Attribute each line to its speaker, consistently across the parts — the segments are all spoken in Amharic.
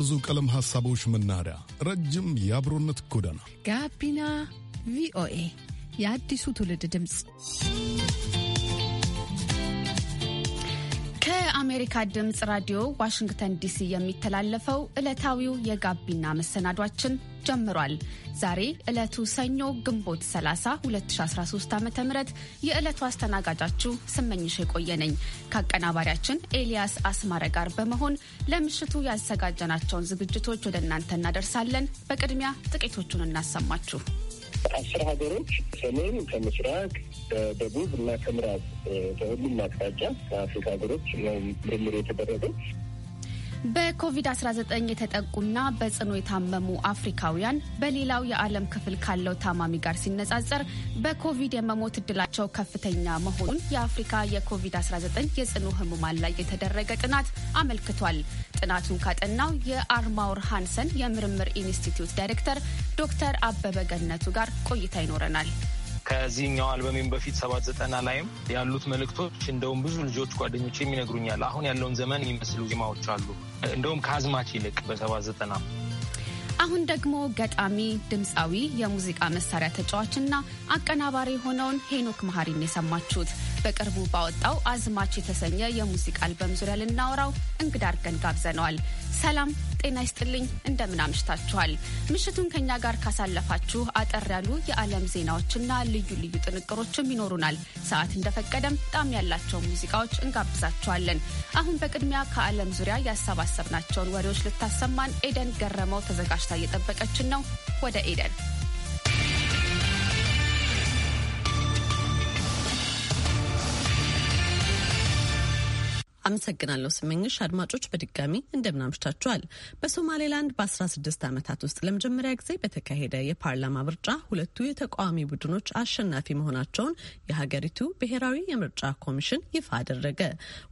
Speaker 1: ብዙ ቀለም ሐሳቦች መናኸሪያ፣ ረጅም የአብሮነት ጎዳና፣ ጋቢና ቪኦኤ
Speaker 2: የአዲሱ ትውልድ ድምፅ ከአሜሪካ ድምፅ ራዲዮ ዋሽንግተን ዲሲ የሚተላለፈው ዕለታዊው የጋቢና መሰናዷችን ጀምሯል። ዛሬ ዕለቱ ሰኞ ግንቦት 30 2013 ዓ ም የዕለቱ አስተናጋጃችሁ ስመኝሽ የቆየ ነኝ ከአቀናባሪያችን ኤልያስ አስማረ ጋር በመሆን ለምሽቱ ያዘጋጀናቸውን ዝግጅቶች ወደ እናንተ እናደርሳለን። በቅድሚያ ጥቂቶቹን እናሰማችሁ።
Speaker 3: አስር ሀገሮች ሰሜን ከምስራቅ በደቡብ እና ከምዕራብ በሁሉም አቅጣጫ ከአፍሪካ ሀገሮች ምርምር የተደረገው
Speaker 2: በኮቪድ-19 የተጠቁና በጽኑ የታመሙ አፍሪካውያን በሌላው የዓለም ክፍል ካለው ታማሚ ጋር ሲነጻጸር በኮቪድ የመሞት እድላቸው ከፍተኛ መሆኑን የአፍሪካ የኮቪድ-19 የጽኑ ህሙማን ላይ የተደረገ ጥናት አመልክቷል። ጥናቱን ካጠናው የአርማውር ሃንሰን የምርምር ኢንስቲትዩት ዳይሬክተር ዶክተር አበበ ገነቱ ጋር ቆይታ ይኖረናል።
Speaker 4: ከዚህኛው አልበሜም በፊት ሰባት ዘጠና ላይም ያሉት መልእክቶች እንደውም ብዙ ልጆች ጓደኞች የሚነግሩኛል አሁን ያለውን ዘመን የሚመስሉ ዜማዎች አሉ እንደውም ከአዝማች ይልቅ በሰባት ዘጠና
Speaker 2: አሁን ደግሞ ገጣሚ፣ ድምፃዊ፣ የሙዚቃ መሳሪያ ተጫዋችና አቀናባሪ የሆነውን ሄኖክ መሀሪን የሰማችሁት በቅርቡ ባወጣው አዝማች የተሰኘ የሙዚቃ አልበም ዙሪያ ልናወራው እንግዳ አድርገን ጋብዘነዋል። ሰላም ጤና ይስጥልኝ። እንደምን አምሽታችኋል? ምሽቱን ከእኛ ጋር ካሳለፋችሁ አጠር ያሉ የዓለም ዜናዎችና ልዩ ልዩ ጥንቅሮችም ይኖሩናል። ሰዓት እንደፈቀደም ጣም ያላቸው ሙዚቃዎች እንጋብዛችኋለን። አሁን በቅድሚያ ከዓለም ዙሪያ ያሰባሰብናቸውን ወሬዎች ልታሰማን ኤደን ገረመው ተዘጋጅታ እየጠበቀችን ነው። ወደ ኤደን
Speaker 5: አመሰግናለሁ ስመኝሽ። አድማጮች በድጋሚ እንደምናምሽታችኋል። በሶማሌላንድ በ16 ዓመታት ውስጥ ለመጀመሪያ ጊዜ በተካሄደ የፓርላማ ምርጫ ሁለቱ የተቃዋሚ ቡድኖች አሸናፊ መሆናቸውን የሀገሪቱ ብሔራዊ የምርጫ ኮሚሽን ይፋ አደረገ።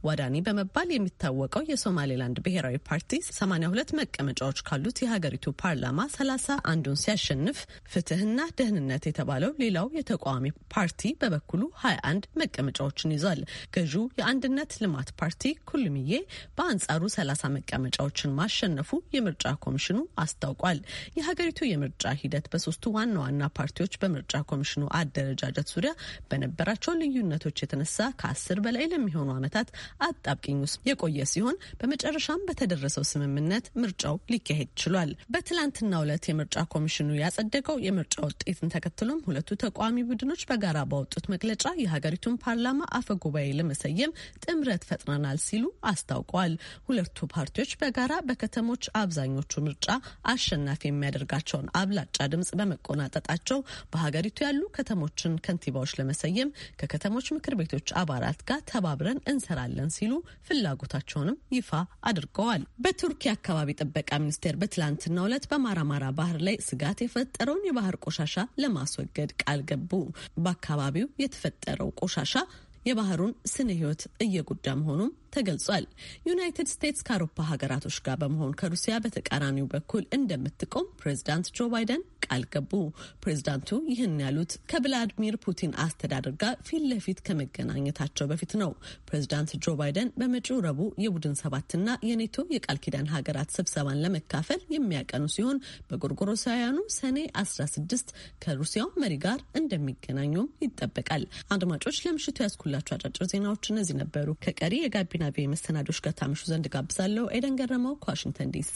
Speaker 5: ዋዳኒ በመባል የሚታወቀው የሶማሌላንድ ብሔራዊ ፓርቲ 82 መቀመጫዎች ካሉት የሀገሪቱ ፓርላማ 30 አንዱን ሲያሸንፍ፣ ፍትህና ደህንነት የተባለው ሌላው የተቃዋሚ ፓርቲ በበኩሉ 21 መቀመጫዎችን ይዟል። ገዢው የአንድነት ልማት ፓርቲ ፓርቲ ኩልምዬ በአንጻሩ 30 መቀመጫዎችን ማሸነፉ የምርጫ ኮሚሽኑ አስታውቋል። የሀገሪቱ የምርጫ ሂደት በሶስቱ ዋና ዋና ፓርቲዎች በምርጫ ኮሚሽኑ አደረጃጀት ዙሪያ በነበራቸው ልዩነቶች የተነሳ ከአስር በላይ ለሚሆኑ ዓመታት አጣብቂኝ ውስጥ የቆየ ሲሆን በመጨረሻም በተደረሰው ስምምነት ምርጫው ሊካሄድ ችሏል። በትላንትናው ዕለት የምርጫ ኮሚሽኑ ያጸደቀው የምርጫ ውጤትን ተከትሎም ሁለቱ ተቃዋሚ ቡድኖች በጋራ ባወጡት መግለጫ የሀገሪቱን ፓርላማ አፈ ጉባኤ ለመሰየም ጥምረት ፈጥረናል ይሆናል ሲሉ አስታውቀዋል። ሁለቱ ፓርቲዎች በጋራ በከተሞች አብዛኞቹ ምርጫ አሸናፊ የሚያደርጋቸውን አብላጫ ድምጽ በመቆናጠጣቸው በሀገሪቱ ያሉ ከተሞችን ከንቲባዎች ለመሰየም ከከተሞች ምክር ቤቶች አባላት ጋር ተባብረን እንሰራለን ሲሉ ፍላጎታቸውንም ይፋ አድርገዋል። በቱርኪ አካባቢ ጥበቃ ሚኒስቴር በትላንትናው ዕለት በማራማራ ባህር ላይ ስጋት የፈጠረውን የባህር ቆሻሻ ለማስወገድ ቃል ገቡ። በአካባቢው የተፈጠረው ቆሻሻ የባህሩን ስነ ሕይወት እየጎዳ መሆኑም ተገልጿል። ዩናይትድ ስቴትስ ከአውሮፓ ሀገራቶች ጋር በመሆን ከሩሲያ በተቃራኒው በኩል እንደምትቆም ፕሬዚዳንት ጆ ባይደን ቃል ገቡ። ፕሬዚዳንቱ ይህን ያሉት ከቭላዲሚር ፑቲን አስተዳደር ጋር ፊት ለፊት ከመገናኘታቸው በፊት ነው። ፕሬዚዳንት ጆ ባይደን በመጪው ረቡዕ የቡድን ሰባትና የኔቶ የቃል ኪዳን ሀገራት ስብሰባን ለመካፈል የሚያቀኑ ሲሆን በጎርጎሮሳውያኑ ሰኔ 16 ከሩሲያው መሪ ጋር እንደሚገናኙም ይጠበቃል። አድማጮች ለምሽቱ ያስኩላቸው አጫጭር ዜናዎች እነዚህ ነበሩ። ከቀሪ የጋቢና ከጋቢና ቪ መሰናዶች ጋር ታምሹ ዘንድ ጋብዛለሁ። ኤደን ገረመው ከዋሽንግተን ዲሲ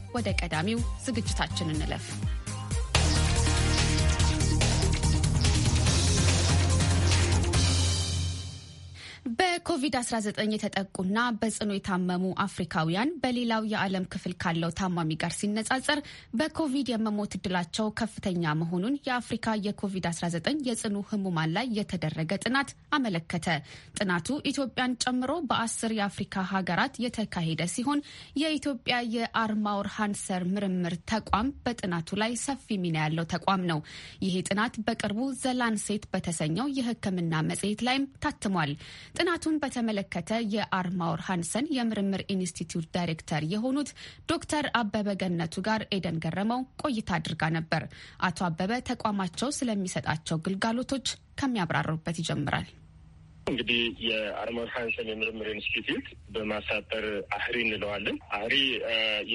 Speaker 2: ወደ ቀዳሚው ዝግጅታችን እንለፍ። በኮቪድ-19 የተጠቁና በጽኑ የታመሙ አፍሪካውያን በሌላው የዓለም ክፍል ካለው ታማሚ ጋር ሲነጻጸር በኮቪድ የመሞት እድላቸው ከፍተኛ መሆኑን የአፍሪካ የኮቪድ-19 የጽኑ ህሙማን ላይ የተደረገ ጥናት አመለከተ። ጥናቱ ኢትዮጵያን ጨምሮ በአስር የአፍሪካ ሀገራት የተካሄደ ሲሆን የኢትዮጵያ የአርማውር ሃንሰር ምርምር ተቋም በጥናቱ ላይ ሰፊ ሚና ያለው ተቋም ነው። ይሄ ጥናት በቅርቡ ዘላንሴት በተሰኘው የህክምና መጽሔት ላይም ታትሟል። ጥናቱን በተመለከተ የአርማውር ሃንሰን የምርምር ኢንስቲትዩት ዳይሬክተር የሆኑት ዶክተር አበበ ገነቱ ጋር ኤደን ገረመው ቆይታ አድርጋ ነበር። አቶ አበበ ተቋማቸው ስለሚሰጣቸው ግልጋሎቶች ከሚያብራሩበት ይጀምራል።
Speaker 3: እንግዲህ የአርመር ሃንሰን የምርምር ኢንስቲትዩት በማሳጠር አህሪ እንለዋለን። አህሪ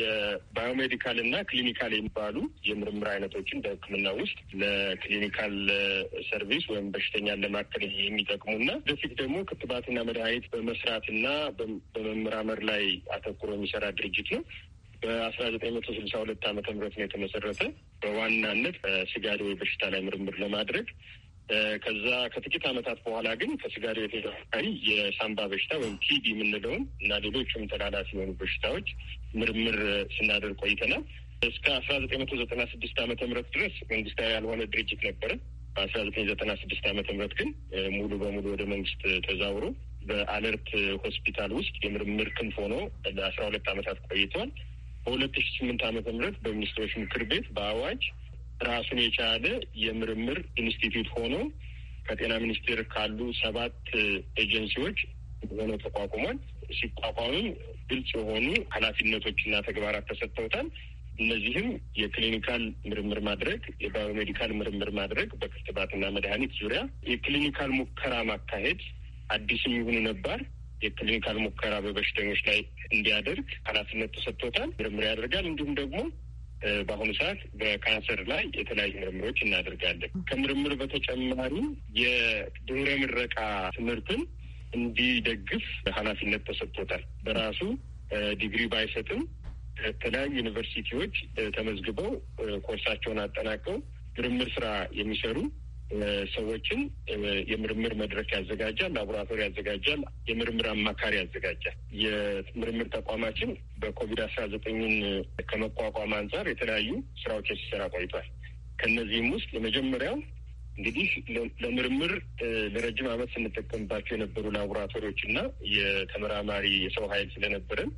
Speaker 3: የባዮሜዲካል እና ክሊኒካል የሚባሉ የምርምር አይነቶችን በሕክምና ውስጥ ለክሊኒካል ሰርቪስ ወይም በሽተኛን ለማከል የሚጠቅሙና በፊት ደግሞ ክትባትና መድኃኒት በመስራትና በመመራመር ላይ አተኩሮ የሚሰራ ድርጅት ነው። በአስራ ዘጠኝ መቶ ስልሳ ሁለት ዓመተ ምህረት ነው የተመሰረተ። በዋናነት ስጋ በሽታ ላይ ምርምር ለማድረግ ከዛ ከጥቂት ዓመታት በኋላ ግን ከስጋር የተፈካሪ የሳምባ በሽታ ወይም ቲቢ የምንለውን እና ሌሎችም ተላላፊ የሆኑ በሽታዎች ምርምር ስናደርግ ቆይተናል። እስከ አስራ ዘጠኝ መቶ ዘጠና ስድስት ዓመተ ምህረት ድረስ መንግስታዊ ያልሆነ ድርጅት ነበረ። በአስራ ዘጠኝ ዘጠና ስድስት ዓመተ ምህረት ግን ሙሉ በሙሉ ወደ መንግስት ተዛውሮ በአለርት ሆስፒታል ውስጥ የምርምር ክንፍ ሆኖ ለአስራ ሁለት ዓመታት ቆይተዋል። በሁለት ሺ ስምንት ዓመተ ምህረት በሚኒስትሮች ምክር ቤት በአዋጅ ራሱን የቻለ የምርምር ኢንስቲትዩት ሆኖ ከጤና ሚኒስቴር ካሉ ሰባት ኤጀንሲዎች ሆኖ ተቋቁሟል። ሲቋቋምም ግልጽ የሆኑ ኃላፊነቶችና ተግባራት ተሰጥተውታል። እነዚህም የክሊኒካል ምርምር ማድረግ፣ የባዮሜዲካል ምርምር ማድረግ በክትባትና መድኃኒት ዙሪያ የክሊኒካል ሙከራ ማካሄድ፣ አዲስም ይሁኑ ነባር የክሊኒካል ሙከራ በበሽተኞች ላይ እንዲያደርግ ኃላፊነት ተሰጥቶታል። ምርምር ያደርጋል። እንዲሁም ደግሞ በአሁኑ ሰዓት በካንሰር ላይ የተለያዩ ምርምሮች እናደርጋለን። ከምርምር በተጨማሪ የድህረ ምረቃ ትምህርትን እንዲደግፍ ኃላፊነት ተሰጥቶታል። በራሱ ዲግሪ ባይሰጥም ከተለያዩ ዩኒቨርሲቲዎች ተመዝግበው ኮርሳቸውን አጠናቀው ምርምር ስራ የሚሰሩ ሰዎችን የምርምር መድረክ ያዘጋጃል፣ ላቦራቶሪ ያዘጋጃል፣ የምርምር አማካሪ ያዘጋጃል። የምርምር ተቋማችን በኮቪድ አስራ ዘጠኝን ከመቋቋም አንጻር የተለያዩ ስራዎች ሲሰራ ቆይቷል። ከእነዚህም ውስጥ ለመጀመሪያው እንግዲህ ለምርምር ለረጅም ዓመት ስንጠቀምባቸው የነበሩ ላቦራቶሪዎች እና የተመራማሪ የሰው ኃይል ስለነበረን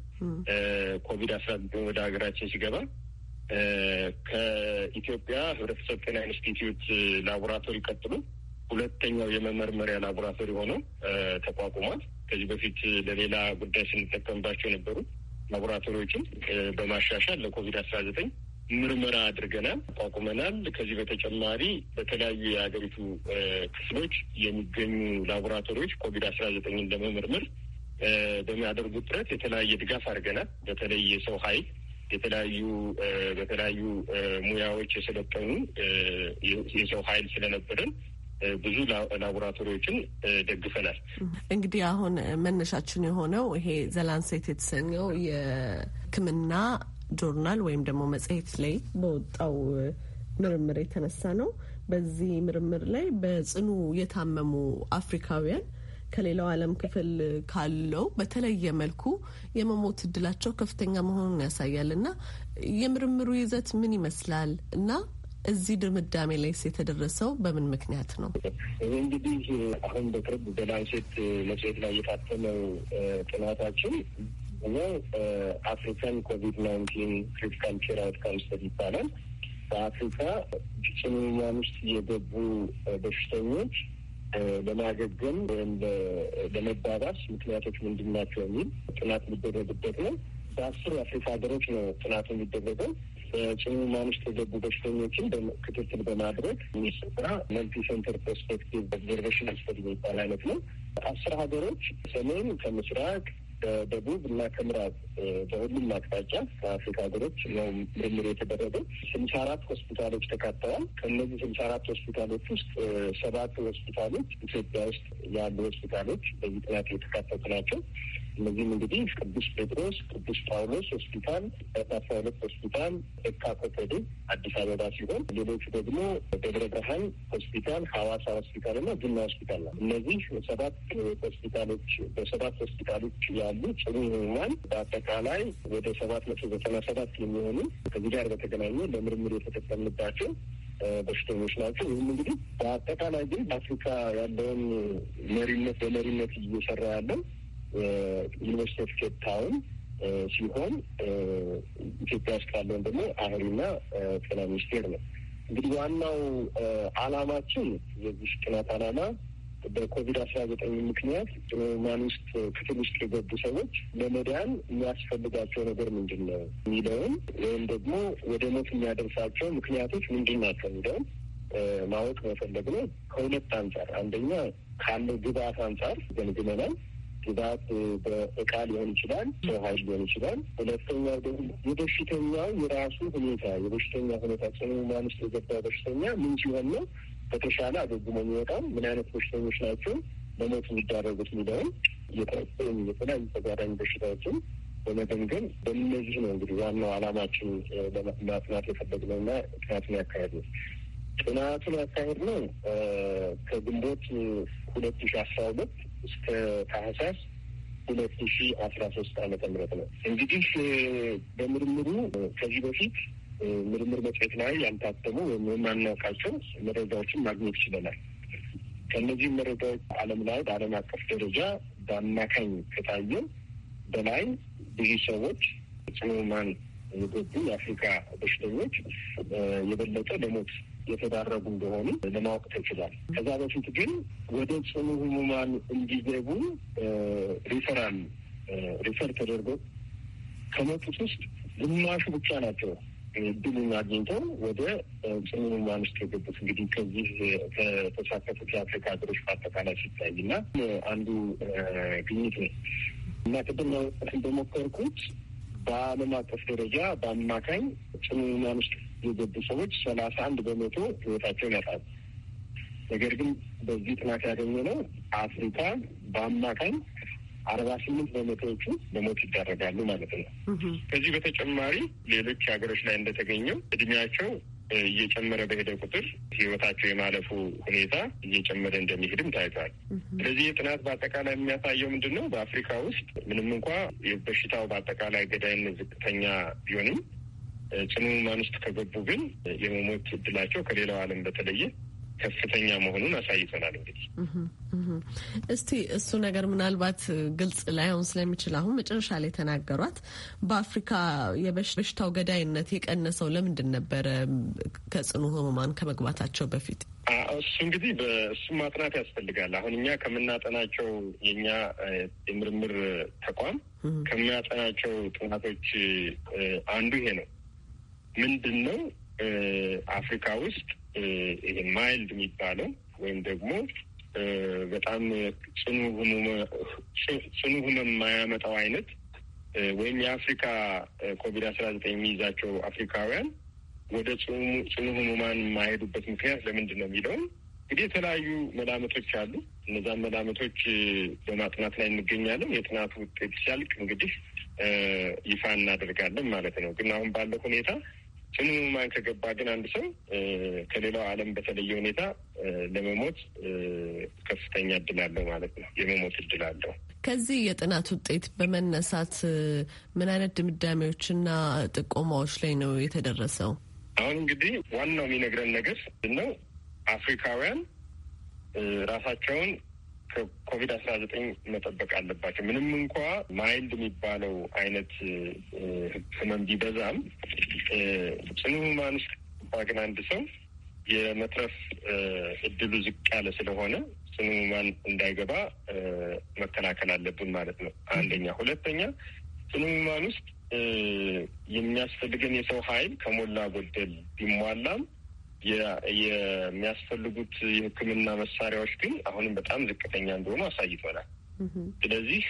Speaker 3: ኮቪድ አስራ ዘጠኝ ወደ ሀገራችን ሲገባ ከኢትዮጵያ ህብረተሰብ ጤና ኢንስቲትዩት ላቦራቶሪ ቀጥሎ ሁለተኛው የመመርመሪያ ላቦራቶሪ ሆኖ ተቋቁሟል። ከዚህ በፊት ለሌላ ጉዳይ ስንጠቀምባቸው የነበሩ ላቦራቶሪዎችን በማሻሻል ለኮቪድ አስራ ዘጠኝ ምርመራ አድርገናል፣ አቋቁመናል። ከዚህ በተጨማሪ በተለያዩ የሀገሪቱ ክፍሎች የሚገኙ ላቦራቶሪዎች ኮቪድ አስራ ዘጠኝን ለመመርመር በሚያደርጉት ጥረት የተለያየ ድጋፍ አድርገናል። በተለይ የሰው ኃይል የተለያዩ በተለያዩ ሙያዎች የሰለጠኑ የሰው ኃይል ስለነበረን ብዙ ላቦራቶሪዎችን ደግፈናል።
Speaker 5: እንግዲህ አሁን መነሻችን የሆነው ይሄ ዘላንሴት የተሰኘው የሕክምና ጆርናል ወይም ደግሞ መጽሔት ላይ በወጣው ምርምር የተነሳ ነው። በዚህ ምርምር ላይ በጽኑ የታመሙ አፍሪካውያን ከሌላው ዓለም ክፍል ካለው በተለየ መልኩ የመሞት እድላቸው ከፍተኛ መሆኑን ያሳያል እና የምርምሩ ይዘት ምን ይመስላል እና እዚህ ድምዳሜ ላይ የተደረሰው በምን ምክንያት ነው?
Speaker 3: ይህ እንግዲህ አሁን በቅርብ በላንሴት መጽሔት ላይ የታተመው ጥናታችን ነው። አፍሪካን ኮቪድ ናይንቲን ክሪቲካል ኬር አውትካምስ ይባላል። በአፍሪካ ጽኑ ውስጥ የገቡ በሽተኞች ለማገገም ወይም ለመባባስ ምክንያቶች ምንድን ናቸው የሚል ጥናት የሚደረግበት ነው። በአስር የአፍሪካ ሀገሮች ነው ጥናቱ የሚደረገው። በጽኑ ማንስ ተዘጉ በሽተኞችን ክትትል በማድረግ ሚስራ መልቲ ሴንተር ፐርስፔክቲቭ ኦብዘርቬሽን ስፐድ የሚባል አይነት ነው። አስር ሀገሮች ሰሜን ከምስራቅ በደቡብ እና ከምዕራብ በሁሉም አቅጣጫ በአፍሪካ ሀገሮች ነው ምርምር የተደረገው። ስልሳ አራት ሆስፒታሎች ተካተዋል። ከእነዚህ ስልሳ አራት ሆስፒታሎች ውስጥ ሰባት ሆስፒታሎች ኢትዮጵያ ውስጥ ያሉ ሆስፒታሎች በዚህ ጥናት የተካተቱ ናቸው። እነዚህም እንግዲህ ቅዱስ ጴጥሮስ፣ ቅዱስ ጳውሎስ ሆስፒታል፣ አስራ ሁለት ሆስፒታል የካ ኮተቤ አዲስ አበባ ሲሆን ሌሎቹ ደግሞ ደብረ ብርሃን ሆስፒታል፣ ሐዋሳ ሆስፒታል እና ዝና ሆስፒታል ነው። እነዚህ ሰባት ሆስፒታሎች በሰባት ሆስፒታሎች ያሉ ጽኑ ህሙማን በአጠቃላይ ወደ ሰባት መቶ ዘጠና ሰባት የሚሆኑ ከዚህ ጋር በተገናኘ ለምርምር የተጠቀምባቸው በሽተኞች ናቸው። ይህም እንግዲህ በአጠቃላይ ግን በአፍሪካ ያለውን መሪነት በመሪነት እየሰራ ያለው ዩኒቨርሲቲ ኦፍ ኬፕ ታውን ሲሆን ኢትዮጵያ ውስጥ ካለውን ደግሞ አህሪና ጤና ሚኒስቴር ነው። እንግዲህ ዋናው አላማችን የዚህ ጥናት አላማ በኮቪድ አስራ ዘጠኝ ምክንያት ማን ውስጥ ክፍል ውስጥ የገቡ ሰዎች ለመዳን የሚያስፈልጋቸው ነገር ምንድን ነው የሚለውን ወይም ደግሞ ወደ ሞት የሚያደርሳቸው ምክንያቶች ምንድን ናቸው የሚለውን ማወቅ መፈለግ ነው። ከሁለት አንጻር አንደኛ ካለው ግብአት አንጻር ገምግመናል። ግብአት በእቃ ሊሆን ይችላል፣ ሰው ኃይል ሊሆን ይችላል። ሁለተኛው ደግሞ የበሽተኛው የራሱ ሁኔታ የበሽተኛ ሁኔታ ጽኑ ሕሙማን ውስጥ የገባ በሽተኛ ምን ሲሆን ነው በተሻለ አገግሞ የሚወጣው፣ ምን አይነት በሽተኞች ናቸው ለሞት የሚዳረጉት የሚለውን የተወሰኑ የተለያዩ ተጓዳኝ በሽታዎችን በመገምገም በእነዚህ ነው እንግዲህ ዋናው አላማችን ለማጥናት የፈለግነው እና ጥናቱን ያካሄድ ነው። ጥናቱን ያካሄድ ነው ከግንቦት ሁለት ሺ አስራ ሁለት እስከ ታህሳስ ሁለት ሺ አስራ ሶስት አመተ ምህረት ነው። እንግዲህ በምርምሩ ከዚህ በፊት ምርምር መጽሔት ላይ ያልታተሙ ወይም የማናውቃቸው መረጃዎችን ማግኘት ችለናል። ከእነዚህም መረጃዎች ዓለም ላይ በዓለም አቀፍ ደረጃ በአማካኝ ከታየው በላይ ብዙ ሰዎች ጽኑ ህሙማን የጎዱ የአፍሪካ በሽተኞች የበለጠ ለሞት የተዳረጉ እንደሆኑ ለማወቅ ተችሏል። ከዛ በፊት ግን ወደ ጽኑ ህሙማን እንዲገቡ ሪፈራል ሪፈር ተደርጎ ከመጡት ውስጥ ግማሹ ብቻ ናቸው እድሉን አግኝተው ወደ ጽኑ ህሙማን ውስጥ የገቡት። እንግዲህ ከዚህ ከተሳተፉት የአፍሪካ ሀገሮች በአጠቃላይ ሲታይ እና አንዱ ግኝት ነው እና ቅድም ለመጠት እንደሞከርኩት በዓለም አቀፍ ደረጃ በአማካኝ ጽኑ ህሙማን ውስጥ የገቡ ሰዎች ሰላሳ አንድ በመቶ ህይወታቸውን ያጣሉ። ነገር ግን በዚህ ጥናት ነው አፍሪካ በአማካኝ አርባ ስምንት በመቶዎቹ በሞት ይዳረጋሉ ማለት ነው። ከዚህ በተጨማሪ ሌሎች ሀገሮች ላይ እንደተገኘው እድሜያቸው እየጨመረ በሄደ ቁጥር ህይወታቸው የማለፉ ሁኔታ እየጨመረ እንደሚሄድም ታይቷል። ስለዚህ የጥናት በአጠቃላይ የሚያሳየው ምንድን ነው? በአፍሪካ ውስጥ ምንም እንኳ የበሽታው በአጠቃላይ ገዳይነት ዝቅተኛ ቢሆንም ጽኑ ሕሙማን ውስጥ ከገቡ ግን የመሞት እድላቸው ከሌላው ዓለም በተለየ ከፍተኛ መሆኑን አሳይተናል። እንግዲህ
Speaker 5: እስቲ እሱ ነገር ምናልባት ግልጽ ላይሆን ስለሚችል አሁን መጨረሻ ላይ ተናገሯት። በአፍሪካ የበሽታው ገዳይነት የቀነሰው ለምንድን ነበረ? ከጽኑ ህሙማን ከመግባታቸው በፊት
Speaker 3: እሱ እንግዲህ በእሱ ማጥናት ያስፈልጋል። አሁን እኛ ከምናጠናቸው የእኛ የምርምር ተቋም ከሚያጠናቸው ጥናቶች አንዱ ይሄ ነው። ምንድን ነው አፍሪካ ውስጥ ይሄ ማይልድ የሚባለው ወይም ደግሞ በጣም ጽኑ ህመም የማያመጣው አይነት ወይም የአፍሪካ ኮቪድ አስራ ዘጠኝ የሚይዛቸው አፍሪካውያን ወደ ጽኑ ህሙማን የማይሄዱበት ምክንያት ለምንድን ነው የሚለውም እንግዲህ የተለያዩ መላመቶች አሉ። እነዛን መላመቶች በማጥናት ላይ እንገኛለን። የጥናቱ ውጤት ሲያልቅ እንግዲህ ይፋ እናደርጋለን ማለት ነው። ግን አሁን ባለው ሁኔታ ጽኑ ማን ከገባ ግን አንድ ሰው ከሌላው ዓለም በተለየ ሁኔታ ለመሞት ከፍተኛ እድል አለው ማለት ነው። የመሞት እድል አለው።
Speaker 5: ከዚህ የጥናት ውጤት በመነሳት ምን አይነት ድምዳሜዎችና ጥቆማዎች ላይ ነው የተደረሰው?
Speaker 3: አሁን እንግዲህ ዋናው የሚነግረን ነገር ነው አፍሪካውያን ራሳቸውን ከኮቪድ አስራ ዘጠኝ መጠበቅ አለባቸው። ምንም እንኳ ማይልድ የሚባለው አይነት ህመም ቢበዛም ጽኑ ህሙማን ውስጥ ግን አንድ ሰው የመትረፍ እድሉ ዝቅ ያለ ስለሆነ ጽኑ ህሙማን እንዳይገባ መከላከል አለብን ማለት ነው። አንደኛ። ሁለተኛ ጽኑ ህሙማን ውስጥ የሚያስፈልገን የሰው ኃይል ከሞላ ጎደል ቢሟላም የሚያስፈልጉት የሕክምና መሳሪያዎች ግን አሁንም በጣም ዝቅተኛ እንደሆኑ አሳይቶናል። ስለዚህ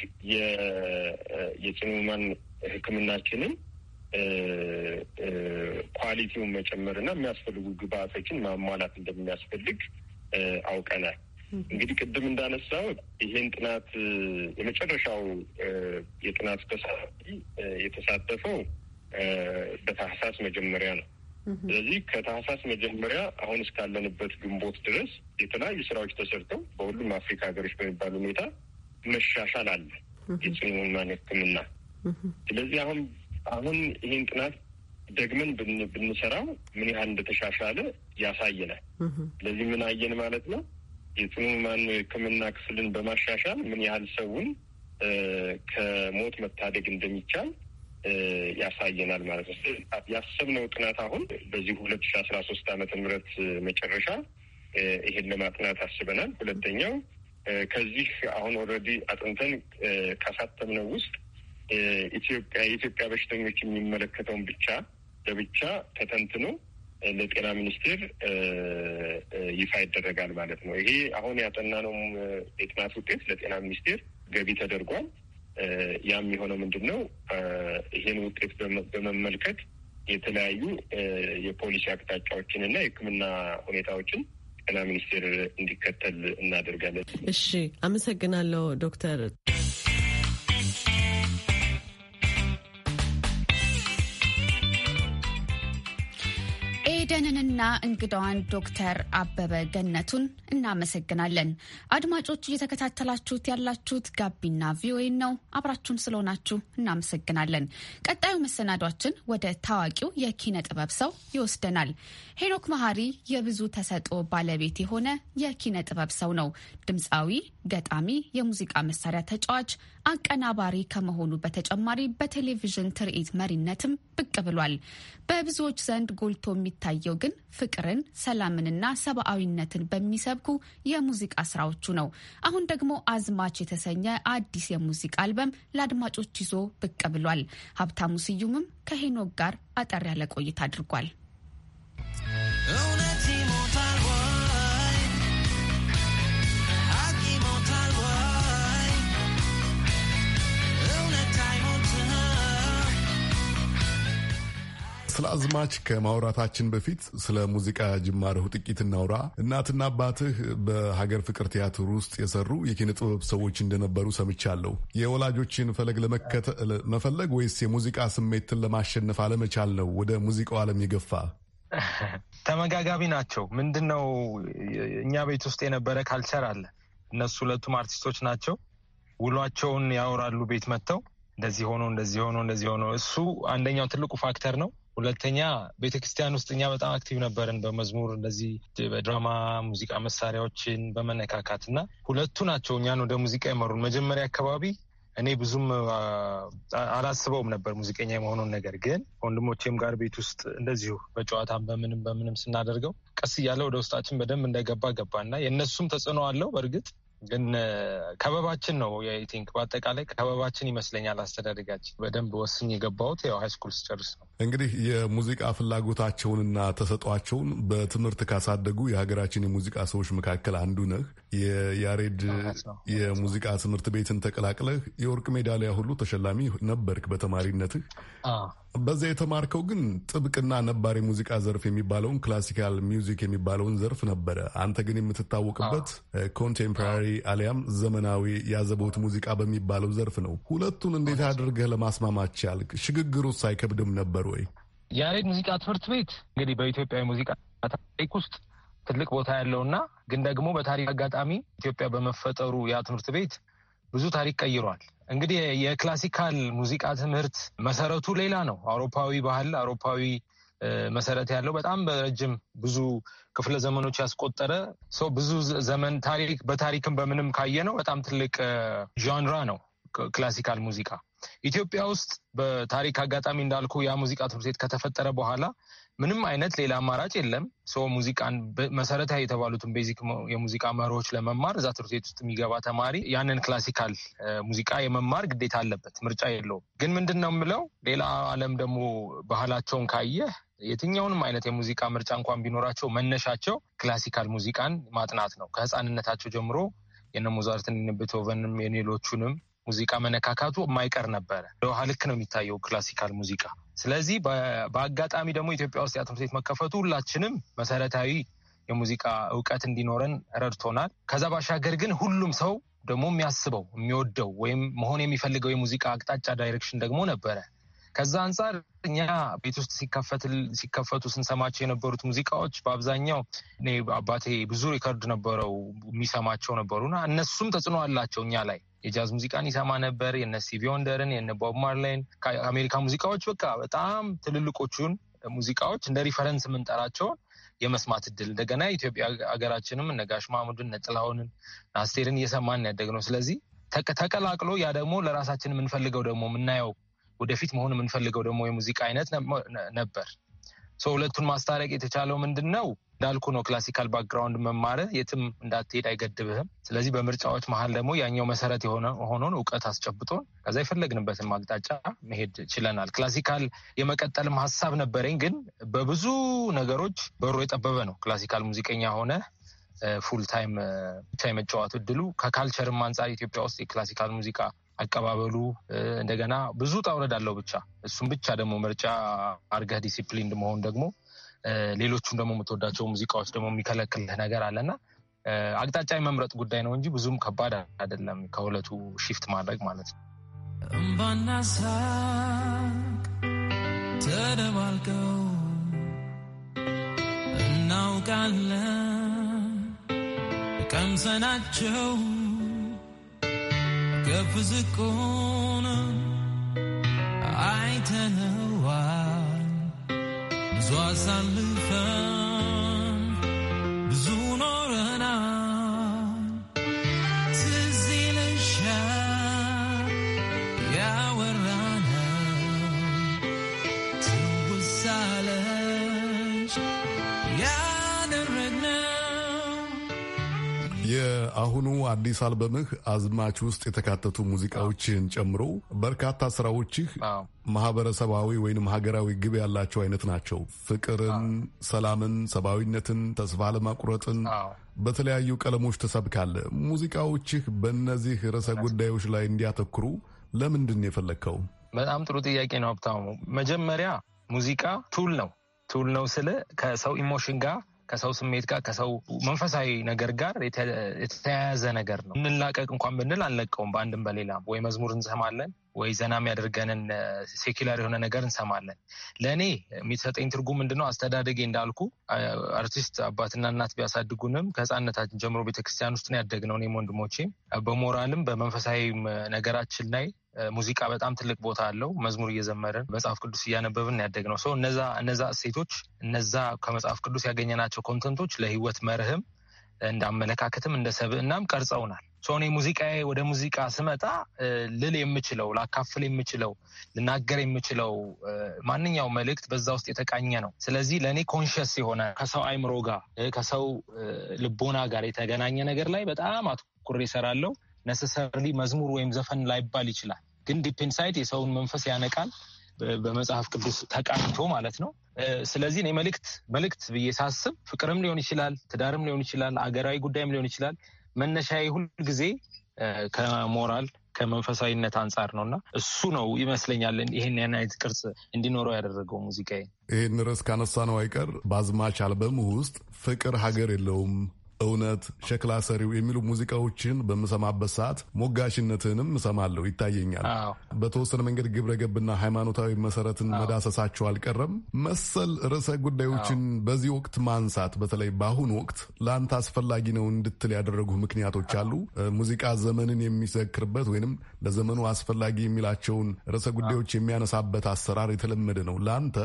Speaker 3: የጽኑ ህሙማን ሕክምናችንን ኳሊቲውን መጨመርና የሚያስፈልጉ ግብአቶችን ማሟላት እንደሚያስፈልግ አውቀናል። እንግዲህ ቅድም እንዳነሳው ይሄን ጥናት የመጨረሻው የጥናት ተሳ የተሳተፈው በታህሳስ መጀመሪያ ነው። ስለዚህ ከታህሳስ መጀመሪያ አሁን እስካለንበት ግንቦት ድረስ የተለያዩ ስራዎች ተሰርተው በሁሉም አፍሪካ ሀገሮች በሚባል ሁኔታ መሻሻል አለ የጽኑ ህሙማን ስለዚህ አሁን አሁን ይህን ጥናት ደግመን ብንሰራው ምን ያህል እንደተሻሻለ ያሳየናል። ስለዚህ ምን አየን ማለት ነው? የጽኑ ህሙማን ክፍልን በማሻሻል ምን ያህል ሰውን ከሞት መታደግ እንደሚቻል ያሳየናል ማለት ነው። ያሰብነው ጥናት አሁን በዚህ ሁለት ሺ አስራ ሶስት ዓመተ ምህረት መጨረሻ ይሄን ለማጥናት አስበናል። ሁለተኛው ከዚህ አሁን ኦልሬዲ አጥንተን ካሳተምነው ውስጥ ኢትዮጵያ የኢትዮጵያ በሽተኞች የሚመለከተውን ብቻ ለብቻ ተተንትኖ ለጤና ሚኒስቴር ይፋ ይደረጋል ማለት ነው። ይሄ አሁን ያጠናነው የጥናት ውጤት ለጤና ሚኒስቴር ገቢ ተደርጓል። ያም የሆነው ምንድን ነው ይህን ውጤት በመመልከት የተለያዩ የፖሊሲ አቅጣጫዎችን እና የሕክምና ሁኔታዎችን ጤና ሚኒስቴር እንዲከተል እናደርጋለን።
Speaker 5: እሺ፣ አመሰግናለሁ ዶክተር
Speaker 2: ኤደንንና እንግዳዋን ዶክተር አበበ ገነቱን እናመሰግናለን። አድማጮች እየተከታተላችሁት ያላችሁት ጋቢና ቪኦኤ ነው። አብራችሁን ስለሆናችሁ እናመሰግናለን። ቀጣዩ መሰናዷችን ወደ ታዋቂው የኪነ ጥበብ ሰው ይወስደናል። ሄኖክ መሐሪ የብዙ ተሰጥኦ ባለቤት የሆነ የኪነ ጥበብ ሰው ነው። ድምፃዊ፣ ገጣሚ፣ የሙዚቃ መሳሪያ ተጫዋች አቀናባሪ ከመሆኑ በተጨማሪ በቴሌቪዥን ትርኢት መሪነትም ብቅ ብሏል። በብዙዎች ዘንድ ጎልቶ የሚታየው ግን ፍቅርን፣ ሰላምንና ሰብአዊነትን በሚሰብኩ የሙዚቃ ስራዎቹ ነው። አሁን ደግሞ አዝማች የተሰኘ አዲስ የሙዚቃ አልበም ለአድማጮች ይዞ ብቅ ብሏል። ሀብታሙ ስዩምም ከሄኖክ ጋር አጠር ያለ ቆይታ አድርጓል።
Speaker 1: ስለ አዝማች ከማውራታችን በፊት ስለ ሙዚቃ ጅማር ጥቂት እናውራ። እናትና አባትህ በሀገር ፍቅር ቲያትር ውስጥ የሰሩ የኪነ ጥበብ ሰዎች እንደነበሩ ሰምቻለሁ። የወላጆችን ፈለግ መፈለግ ወይስ የሙዚቃ ስሜትን ለማሸነፍ አለመቻል ነው ወደ ሙዚቃው ዓለም የገፋ? ተመጋጋቢ ናቸው። ምንድን ነው
Speaker 4: እኛ ቤት ውስጥ የነበረ ካልቸር አለ። እነሱ ሁለቱም አርቲስቶች ናቸው። ውሏቸውን ያወራሉ ቤት መጥተው እንደዚህ ሆኖ እንደዚህ ሆኖ እንደዚህ ሆኖ። እሱ አንደኛው ትልቁ ፋክተር ነው። ሁለተኛ ቤተክርስቲያን ውስጥ እኛ በጣም አክቲቭ ነበርን። በመዝሙር እንደዚህ በድራማ ሙዚቃ መሳሪያዎችን በመነካካት እና ሁለቱ ናቸው እኛን ወደ ሙዚቃ የመሩን። መጀመሪያ አካባቢ እኔ ብዙም አላስበውም ነበር ሙዚቀኛ የመሆኑን ነገር ግን ወንድሞቼም ጋር ቤት ውስጥ እንደዚሁ በጨዋታም በምንም በምንም ስናደርገው ቀስ እያለ ወደ ውስጣችን በደንብ እንደገባ እና የእነሱም ተጽዕኖ አለው በእርግጥ ግን ከበባችን ነው ቲንክ በአጠቃላይ ከበባችን ይመስለኛል አስተዳደጋችን በደንብ ወስኝ የገባሁት ያው ሃይስኩል ስጨርስ ነው።
Speaker 1: እንግዲህ የሙዚቃ ፍላጎታቸውንና ተሰጧቸውን በትምህርት ካሳደጉ የሀገራችን የሙዚቃ ሰዎች መካከል አንዱ ነህ። የያሬድ የሙዚቃ ትምህርት ቤትን ተቀላቅለህ የወርቅ ሜዳሊያ ሁሉ ተሸላሚ ነበርክ በተማሪነትህ። በዚያ የተማርከው ግን ጥብቅና ነባር የሙዚቃ ዘርፍ የሚባለውን ክላሲካል ሚውዚክ የሚባለውን ዘርፍ ነበረ። አንተ ግን የምትታወቅበት ኮንቴምፖራሪ አሊያም ዘመናዊ ያዘቦት ሙዚቃ በሚባለው ዘርፍ ነው። ሁለቱን እንዴት አድርገህ ለማስማማት ቻልክ? ሽግግሩስ አይከብድም ነበር ወይ?
Speaker 4: ያሬድ ሙዚቃ ትምህርት ቤት እንግዲህ በኢትዮጵያ ሙዚቃ ታሪክ ውስጥ ትልቅ ቦታ ያለውና ግን ደግሞ በታሪክ አጋጣሚ ኢትዮጵያ በመፈጠሩ ያ ትምህርት ቤት ብዙ ታሪክ ቀይሯል። እንግዲህ የክላሲካል ሙዚቃ ትምህርት መሰረቱ ሌላ ነው። አውሮፓዊ ባህል፣ አውሮፓዊ መሰረት ያለው በጣም በረጅም ብዙ ክፍለ ዘመኖች ያስቆጠረ ሰው ብዙ ዘመን ታሪክ በታሪክም በምንም ካየ ነው በጣም ትልቅ ዣንራ ነው ክላሲካል ሙዚቃ። ኢትዮጵያ ውስጥ በታሪክ አጋጣሚ እንዳልኩ ያ ሙዚቃ ትምህርት ቤት ከተፈጠረ በኋላ ምንም አይነት ሌላ አማራጭ የለም። ሰው ሙዚቃን መሰረታዊ የተባሉትን ቤዚክ የሙዚቃ መርሆች ለመማር እዛ ትምህርት ቤት ውስጥ የሚገባ ተማሪ ያንን ክላሲካል ሙዚቃ የመማር ግዴታ አለበት። ምርጫ የለውም። ግን ምንድን ነው የምለው ሌላ ዓለም ደግሞ ባህላቸውን ካየህ የትኛውንም አይነት የሙዚቃ ምርጫ እንኳን ቢኖራቸው መነሻቸው ክላሲካል ሙዚቃን ማጥናት ነው። ከህፃንነታቸው ጀምሮ የነ ሞዛርትን፣ ቤቶቨንም የሌሎቹንም ሙዚቃ መነካካቱ የማይቀር ነበረ። ለውሃ ልክ ነው የሚታየው ክላሲካል ሙዚቃ። ስለዚህ በአጋጣሚ ደግሞ ኢትዮጵያ ውስጥ ያ ቤት መከፈቱ ሁላችንም መሰረታዊ የሙዚቃ እውቀት እንዲኖረን ረድቶናል። ከዛ ባሻገር ግን ሁሉም ሰው ደግሞ የሚያስበው የሚወደው ወይም መሆን የሚፈልገው የሙዚቃ አቅጣጫ ዳይሬክሽን ደግሞ ነበረ። ከዛ አንጻር እኛ ቤት ውስጥ ሲከፈቱ ስንሰማቸው የነበሩት ሙዚቃዎች በአብዛኛው እኔ አባቴ ብዙ ሪከርድ ነበረው የሚሰማቸው ነበሩና እነሱም ተጽዕኖ አላቸው እኛ ላይ የጃዝ ሙዚቃን ይሰማ ነበር። የነ ስቲቪ ወንደርን፣ የነ ቦብ ማርላይን ከአሜሪካ ሙዚቃዎች በቃ በጣም ትልልቆቹን ሙዚቃዎች እንደ ሪፈረንስ የምንጠራቸውን የመስማት እድል እንደገና ኢትዮጵያ ሀገራችንም እነ ጋሽ ማሙድን፣ እነ ጥላሁንን፣ አስቴርን እየሰማን ነው። ስለዚህ ተቀላቅሎ ያ ደግሞ ለራሳችን የምንፈልገው ደግሞ የምናየው ወደፊት መሆን የምንፈልገው ደግሞ የሙዚቃ አይነት ነበር። ሁለቱን ማስታረቅ የተቻለው ምንድን ነው? እንዳልኩ ነው ክላሲካል ባክግራውንድ መማር የትም እንዳትሄድ አይገድብህም። ስለዚህ በምርጫዎች መሀል ደግሞ ያኛው መሰረት የሆነውን እውቀት አስጨብጦ ከዛ የፈለግንበትን አቅጣጫ መሄድ ችለናል። ክላሲካል የመቀጠልም ሀሳብ ነበረኝ፣ ግን በብዙ ነገሮች በሮ የጠበበ ነው። ክላሲካል ሙዚቀኛ ሆነ ፉል ታይም ብቻ የመጫወት እድሉ ከካልቸርም አንጻር ኢትዮጵያ ውስጥ የክላሲካል ሙዚቃ አቀባበሉ እንደገና ብዙ ጣውረድ አለው። ብቻ እሱም ብቻ ደግሞ ምርጫ አርገህ ዲሲፕሊን መሆን ደግሞ ሌሎቹን ደግሞ የምትወዳቸው ሙዚቃዎች ደግሞ የሚከለክልህ ነገር አለና አቅጣጫ የመምረጥ ጉዳይ ነው እንጂ ብዙም ከባድ አይደለም። ከሁለቱ ሺፍት ማድረግ ማለት ነው። እምባና ሳቅ ተደባልቀው እናውቃለን ቀምሰናቸው ከፍ ዝቁን አይተነው cause I live
Speaker 1: የአሁኑ አዲስ አልበምህ አዝማች ውስጥ የተካተቱ ሙዚቃዎችህን ጨምሮ በርካታ ስራዎችህ ማህበረሰባዊ ወይንም ሀገራዊ ግብ ያላቸው አይነት ናቸው። ፍቅርን፣ ሰላምን፣ ሰብአዊነትን፣ ተስፋ ለማቁረጥን በተለያዩ ቀለሞች ተሰብካለ። ሙዚቃዎችህ በእነዚህ ርዕሰ ጉዳዮች ላይ እንዲያተኩሩ ለምንድን የፈለግከው?
Speaker 4: በጣም ጥሩ ጥያቄ ነው ሀብታሙ። መጀመሪያ ሙዚቃ ቱል ነው። ቱል ነው ስለ ከሰው ኢሞሽን ጋር ከሰው ስሜት ጋር ከሰው መንፈሳዊ ነገር ጋር የተያያዘ ነገር ነው። እንላቀቅ እንኳን ብንል አንለቀውም። በአንድም በሌላም ወይ መዝሙር እንሰማለን ወይ ዘና የሚያደርገንን ሴኪላር የሆነ ነገር እንሰማለን። ለእኔ የሚሰጠኝ ትርጉም ምንድነው? አስተዳደጌ እንዳልኩ አርቲስት አባትና እናት ቢያሳድጉንም ከህፃነታችን ጀምሮ ቤተክርስቲያን ውስጥ ነው ያደግነው። እኔም ወንድሞቼም በሞራልም በመንፈሳዊ ነገራችን ላይ ሙዚቃ በጣም ትልቅ ቦታ አለው። መዝሙር እየዘመርን መጽሐፍ ቅዱስ እያነበብን ያደግ ነው ሰው እነዛ እነዛ እሴቶች እነዛ ከመጽሐፍ ቅዱስ ያገኘናቸው ኮንተንቶች ለህይወት መርህም እንደ አመለካከትም እንደ ሰብእናም ቀርጸውናል። እኔ ሙዚቃ ወደ ሙዚቃ ስመጣ ልል የምችለው ላካፍል የምችለው ልናገር የምችለው ማንኛው መልእክት በዛ ውስጥ የተቃኘ ነው። ስለዚህ ለእኔ ኮንሽስ የሆነ ከሰው አይምሮ ጋር ከሰው ልቦና ጋር የተገናኘ ነገር ላይ በጣም አትኩር ይሰራለው ነሰሰርሊ መዝሙር ወይም ዘፈን ላይባል ይችላል ግን ዲፕንሳይት የሰውን መንፈስ ያነቃል በመጽሐፍ ቅዱስ ተቃኝቶ ማለት ነው። ስለዚህ እኔ መልእክት መልእክት ብዬ ሳስብ ፍቅርም ሊሆን ይችላል፣ ትዳርም ሊሆን ይችላል፣ አገራዊ ጉዳይም ሊሆን ይችላል። መነሻዬ ሁል ጊዜ ከሞራል ከመንፈሳዊነት አንጻር ነው እና እሱ ነው ይመስለኛለን ይህን አይነት ቅርጽ እንዲኖረው ያደረገው ሙዚቃ።
Speaker 1: ይህን ርዕስ ካነሳ ነው አይቀር በአዝማች አልበም ውስጥ ፍቅር ሀገር የለውም እውነት፣ ሸክላ ሰሪው የሚሉ ሙዚቃዎችን በምሰማበት ሰዓት ሞጋሽነትንም እሰማለሁ ይታየኛል። በተወሰነ መንገድ ግብረ ገብና ሃይማኖታዊ መሰረትን መዳሰሳቸው አልቀረም። መሰል ርዕሰ ጉዳዮችን በዚህ ወቅት ማንሳት በተለይ በአሁኑ ወቅት ለአንተ አስፈላጊ ነው እንድትል ያደረጉ ምክንያቶች አሉ? ሙዚቃ ዘመንን የሚዘክርበት ወይንም ለዘመኑ አስፈላጊ የሚላቸውን ርዕሰ ጉዳዮች የሚያነሳበት አሰራር የተለመደ ነው። ለአንተ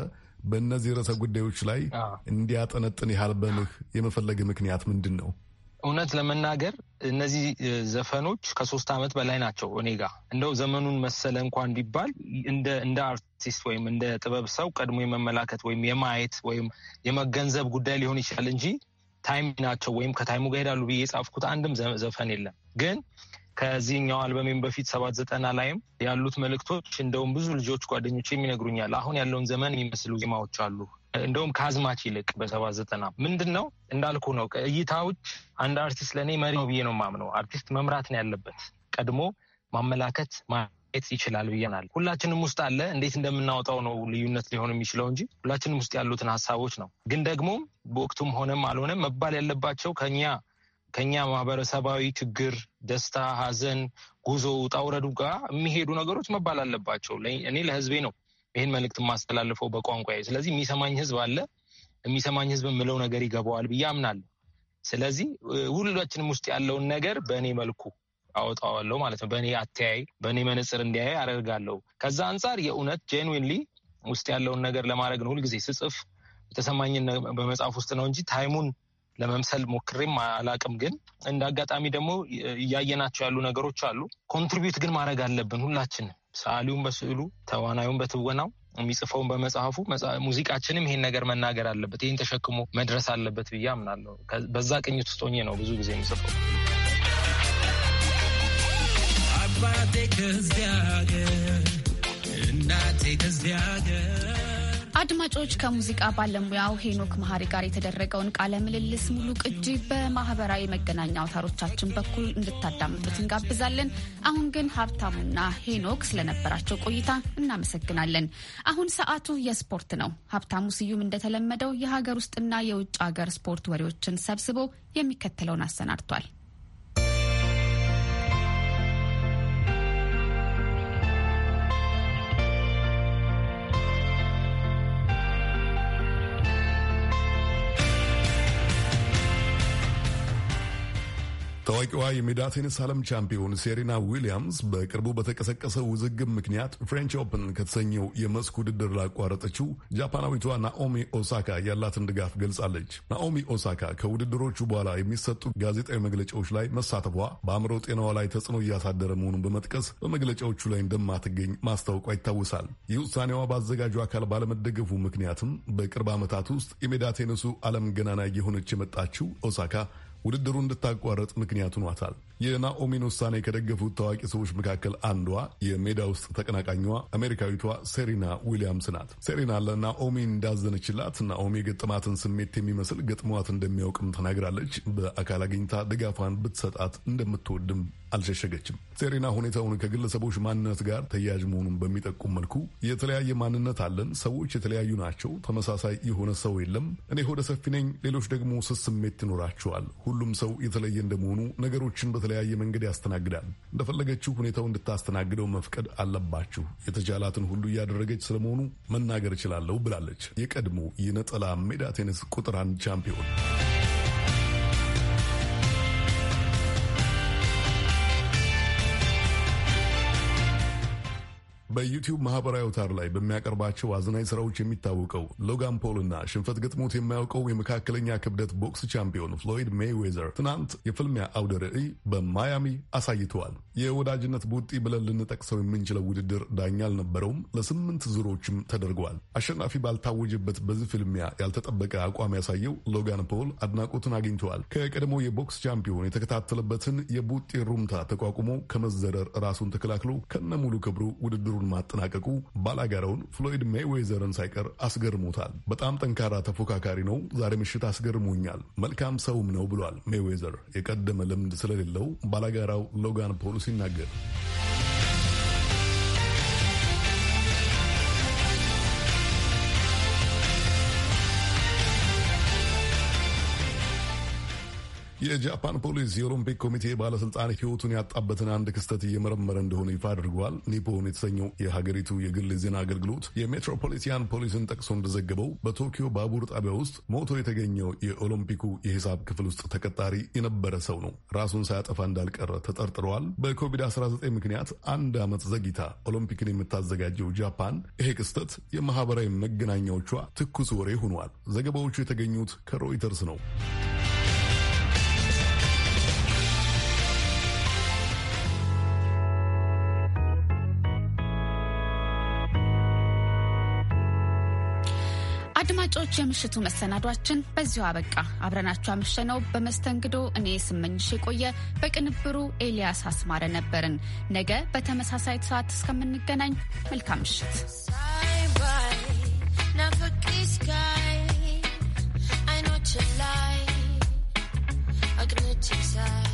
Speaker 1: በእነዚህ ርዕሰ ጉዳዮች ላይ እንዲያጠነጥን ያልበንህ የመፈለግ ምክንያት ምንድን ነው?
Speaker 4: እውነት ለመናገር እነዚህ ዘፈኖች ከሶስት ዓመት በላይ ናቸው እኔ ጋ እንደው ዘመኑን መሰለ እንኳን ቢባል እንደ አርቲስት ወይም እንደ ጥበብ ሰው ቀድሞ የመመላከት ወይም የማየት ወይም የመገንዘብ ጉዳይ ሊሆን ይችላል እንጂ ታይም ናቸው ወይም ከታይሙ ጋር ሄዳሉ ብዬ የጻፍኩት አንድም ዘፈን የለም ግን ከዚህኛው አልበሜም በፊት ሰባት ዘጠና ላይም ያሉት መልእክቶች እንደውም ብዙ ልጆች ጓደኞች የሚነግሩኛል አሁን ያለውን ዘመን የሚመስሉ ዜማዎች አሉ። እንደውም ከአዝማች ይልቅ በሰባት ዘጠና ምንድን ነው እንዳልኩ ነው እይታዎች። አንድ አርቲስት ለእኔ መሪ ነው ብዬ ነው ማምነው አርቲስት መምራት ነው ያለበት። ቀድሞ ማመላከት ማየት ይችላል ብዬናል። ሁላችንም ውስጥ አለ። እንዴት እንደምናወጣው ነው ልዩነት ሊሆን የሚችለው እንጂ ሁላችንም ውስጥ ያሉትን ሀሳቦች ነው። ግን ደግሞ በወቅቱም ሆነም አልሆነም መባል ያለባቸው ከኛ ከኛ ማህበረሰባዊ ችግር፣ ደስታ፣ ሐዘን፣ ጉዞ፣ ውጣ ውረዱ ጋር የሚሄዱ ነገሮች መባል አለባቸው። እኔ ለህዝቤ ነው ይህን መልእክት የማስተላልፈው በቋንቋ። ስለዚህ የሚሰማኝ ህዝብ አለ። የሚሰማኝ ህዝብ የምለው ነገር ይገባዋል ብዬ አምናለሁ። ስለዚህ ሁላችንም ውስጥ ያለውን ነገር በእኔ መልኩ አወጣዋለሁ ማለት ነው። በእኔ አተያይ፣ በእኔ መነጽር እንዲያይ አደርጋለሁ። ከዛ አንጻር የእውነት ጄንዊንሊ ውስጥ ያለውን ነገር ለማድረግ ነው ሁልጊዜ ስጽፍ የተሰማኝን በመጽሐፍ ውስጥ ነው እንጂ ታይሙን ለመምሰል ሞክሬም አላቅም። ግን እንደ አጋጣሚ ደግሞ እያየናቸው ያሉ ነገሮች አሉ። ኮንትሪቢዩት ግን ማድረግ አለብን ሁላችንም፣ ሰዓሊውን በስዕሉ፣ ተዋናዩን በትወናው፣ የሚጽፈውን በመጽሐፉ፣ ሙዚቃችንም ይሄን ነገር መናገር አለበት፣ ይህን ተሸክሞ መድረስ አለበት ብዬ አምናለሁ። በዛ ቅኝት ውስጥ ሆኜ ነው ብዙ ጊዜ የሚጽፈው። አባቴ ከዚያ እናቴ ከዚያ
Speaker 2: አድማጮች ከሙዚቃ ባለሙያው ሄኖክ መሀሪ ጋር የተደረገውን ቃለ ምልልስ ሙሉ ቅጂ በማህበራዊ መገናኛ አውታሮቻችን በኩል እንድታዳምጡት እንጋብዛለን። አሁን ግን ሀብታሙና ሄኖክ ስለነበራቸው ቆይታ እናመሰግናለን። አሁን ሰዓቱ የስፖርት ነው። ሀብታሙ ስዩም እንደተለመደው የሀገር ውስጥና የውጭ ሀገር ስፖርት ወሬዎችን ሰብስቦ የሚከተለውን አሰናድቷል።
Speaker 1: ታዋቂዋ የሜዳ ቴኒስ ዓለም ቻምፒዮን ሴሪና ዊሊያምስ በቅርቡ በተቀሰቀሰ ውዝግብ ምክንያት ፍሬንች ኦፕን ከተሰኘው የመስክ ውድድር ላቋረጠችው ጃፓናዊቷ ናኦሚ ኦሳካ ያላትን ድጋፍ ገልጻለች። ናኦሚ ኦሳካ ከውድድሮቹ በኋላ የሚሰጡ ጋዜጣዊ መግለጫዎች ላይ መሳተፏ በአእምሮ ጤናዋ ላይ ተጽዕኖ እያሳደረ መሆኑን በመጥቀስ በመግለጫዎቹ ላይ እንደማትገኝ ማስታወቋ ይታወሳል። ይህ ውሳኔዋ በአዘጋጁ አካል ባለመደገፉ ምክንያትም በቅርብ ዓመታት ውስጥ የሜዳ ቴኒሱ ዓለም ገናና እየሆነች የመጣችው ኦሳካ ውድድሩ እንድታቋረጥ ምክንያት ሆኗታል። የናኦሚን ውሳኔ ከደገፉት ታዋቂ ሰዎች መካከል አንዷ የሜዳ ውስጥ ተቀናቃኟ አሜሪካዊቷ ሴሪና ዊሊያምስ ናት። ሴሪና ለናኦሚ እንዳዘነችላት ናኦሚ የገጠማትን ስሜት የሚመስል ገጥሟት እንደሚያውቅም ተናግራለች። በአካል አግኝታ ድጋፏን ብትሰጣት እንደምትወድም አልሸሸገችም። ሴሪና ሁኔታውን ከግለሰቦች ማንነት ጋር ተያያዥ መሆኑን በሚጠቁም መልኩ የተለያየ ማንነት አለን፣ ሰዎች የተለያዩ ናቸው፣ ተመሳሳይ የሆነ ሰው የለም። እኔ ሆደ ሰፊ ነኝ፣ ሌሎች ደግሞ ስስ ስሜት ይኖራቸዋል። ሁሉም ሰው የተለየ እንደመሆኑ ነገሮችን በተለ በተለያየ መንገድ ያስተናግዳል። እንደፈለገችው ሁኔታው እንድታስተናግደው መፍቀድ አለባችሁ። የተቻላትን ሁሉ እያደረገች ስለመሆኑ መናገር እችላለሁ ብላለች የቀድሞ የነጠላ ሜዳ ቴኒስ ቁጥር አንድ ቻምፒዮን በዩቲዩብ ማህበራዊ አውታር ላይ በሚያቀርባቸው አዝናኝ ስራዎች የሚታወቀው ሎጋን ፖል እና ሽንፈት ገጥሞት የማያውቀው የመካከለኛ ክብደት ቦክስ ቻምፒዮን ፍሎይድ ሜይዌዘር ትናንት የፍልሚያ አውደ ርዕይ በማያሚ አሳይተዋል። የወዳጅነት ቡጢ ብለን ልንጠቅሰው የምንችለው ውድድር ዳኛ አልነበረውም። ለስምንት ዙሮችም ተደርገዋል። አሸናፊ ባልታወጀበት በዚህ ፍልሚያ ያልተጠበቀ አቋም ያሳየው ሎጋን ፖል አድናቆትን አግኝተዋል። ከቀድሞ የቦክስ ቻምፒዮን የተከታተለበትን የቡጢ ሩምታ ተቋቁሞ ከመዘረር ራሱን ተከላክሎ ከነሙሉ ክብሩ ውድድሩን ውድድሩን ማጠናቀቁ ባላጋራውን ፍሎይድ ሜይዌዘርን ሳይቀር አስገርሞታል። በጣም ጠንካራ ተፎካካሪ ነው፣ ዛሬ ምሽት አስገርሞኛል፣ መልካም ሰውም ነው ብሏል። ሜይዌዘር የቀደመ ልምድ ስለሌለው ባላጋራው ሎጋን ፖል ሲናገር የጃፓን ፖሊስ የኦሎምፒክ ኮሚቴ ባለስልጣን ሕይወቱን ያጣበትን አንድ ክስተት እየመረመረ እንደሆነ ይፋ አድርጓል። ኒፖን የተሰኘው የሀገሪቱ የግል ዜና አገልግሎት የሜትሮፖሊቲያን ፖሊስን ጠቅሶ እንደዘገበው በቶኪዮ ባቡር ጣቢያ ውስጥ ሞቶ የተገኘው የኦሎምፒኩ የሂሳብ ክፍል ውስጥ ተቀጣሪ የነበረ ሰው ነው። ራሱን ሳያጠፋ እንዳልቀረ ተጠርጥረዋል። በኮቪድ-19 ምክንያት አንድ ዓመት ዘግይታ ኦሎምፒክን የምታዘጋጀው ጃፓን ይሄ ክስተት የማህበራዊ መገናኛዎቿ ትኩስ ወሬ ሆኗል። ዘገባዎቹ የተገኙት ከሮይተርስ ነው።
Speaker 2: የምሽቱ መሰናዷችን በዚሁ አበቃ። አብረናችሁ አመሸነው። በመስተንግዶ እኔ ስመኝሽ የቆየ በቅንብሩ ኤልያስ አስማረ ነበርን። ነገ በተመሳሳይ ሰዓት እስከምንገናኝ መልካም ምሽት። I